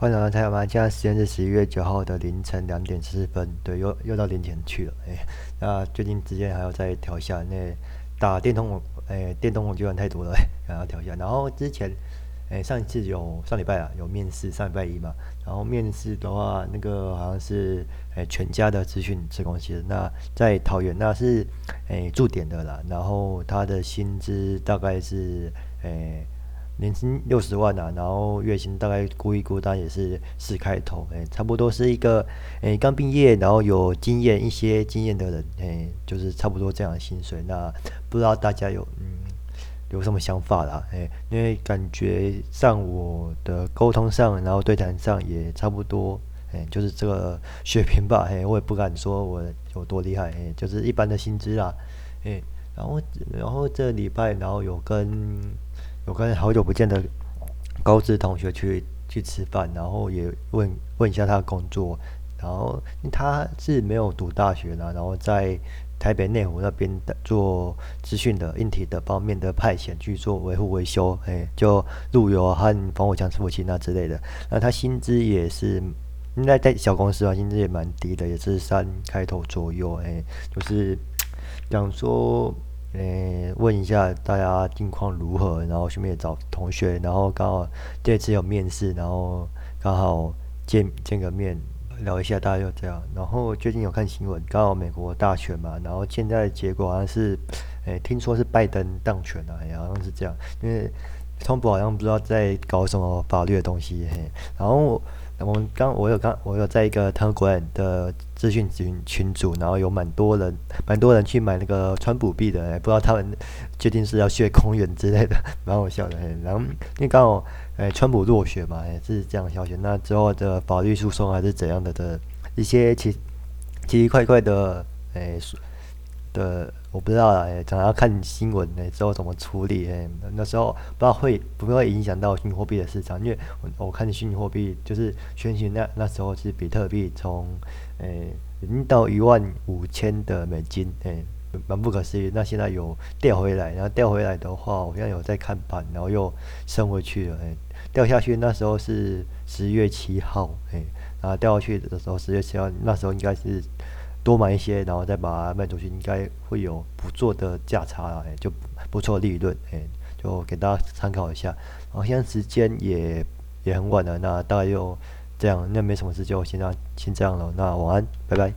歡迎來到菜鳥加班。現在時間是十一月九號的凌晨兩點四十分，對，又又到凌晨去了，哎、欸，那最近之間還要再調一下，那打電動網，哎、欸，電動網就玩太多了，想要調一下。然後之前，哎、欸，上一次有上禮拜啊，有面試，上禮拜一嘛。然後面試的話，那個好像是哎、欸、全家的資訊施公司。那在桃園，那是哎駐、欸、點的啦。然後他的薪資大概是哎。欸年薪六十萬啊，然後月薪大概估一估，但也是四開頭，哎、欸，差不多是一個，哎、欸，剛畢業然後有經驗一些經驗的人，哎、欸，就是差不多這樣的薪水。那不知道大家有嗯，有什麼想法啦？哎、欸，因為感覺上我的溝通上，然後對談上也差不多，哎、欸，就是這個水平吧。嘿、欸，我也不敢說我有多厲害，嘿、欸，就是一般的薪資啦，哎、欸，然後然後這禮拜然後有跟。嗯我跟好久不見的高職同學去去吃飯，然後也問問一下他的工作，然後他是沒有讀大學呢、啊，然後在台北內湖那邊的做資訊的硬體的方面的派遣去做維護維修，哎，就路由和防火牆服務器那之類的。那他薪資也是，應該在小公司啊，薪資也蠻低的，也是三開頭左右，哎，就是講說。誒，問一下大家近況如何，然後順便找同學，然後剛好這次有面試，然後剛好見見個面，聊一下大家就這樣。然後最近有看新聞，剛好美國大選嘛，然後現在的結果好像是，誒聽說是拜登當權了、啊，也好像是這樣，因為川普好像不知道在搞什麼法律的東西，嘿然後。啊、我們剛，我有剛，我有在一個他國人的資訊群群組，然後有蠻多人，蠻多人去買那個川普幣的、欸，不知道他們決定是要血公運之類的，蠻好笑的。嘿、欸，然後，那剛好，哎、欸，川普落選嘛，也、欸、是這樣消息。那之後的法律訴訟還是怎樣的的一些奇奇奇怪怪的，哎、欸。的我不知道哎、欸，想要看新聞哎、欸，之後怎麼處理哎、欸。那時候不知道會不會影響到虛擬貨幣的市場，因為我我看虛擬貨幣就是宣訊那那時候是比特幣從哎已經到一萬五千的美金哎，蠻、欸、不可思議。那現在有掉回來，然後掉回來的話，我現在有在看盤，然後又升回去了、欸。掉下去那時候是十月七號哎、欸，然後掉下去的時候十月七號那時候應該是。多買一些，然後再把它賣出去，應該會有不錯的價差，啊，就不錯利潤，哎、欸，就給大家參考一下。好，現在時間也也很晚了，那大概就這樣，那沒什麼事，就先這樣，啊、先這樣了，那晚安，拜拜。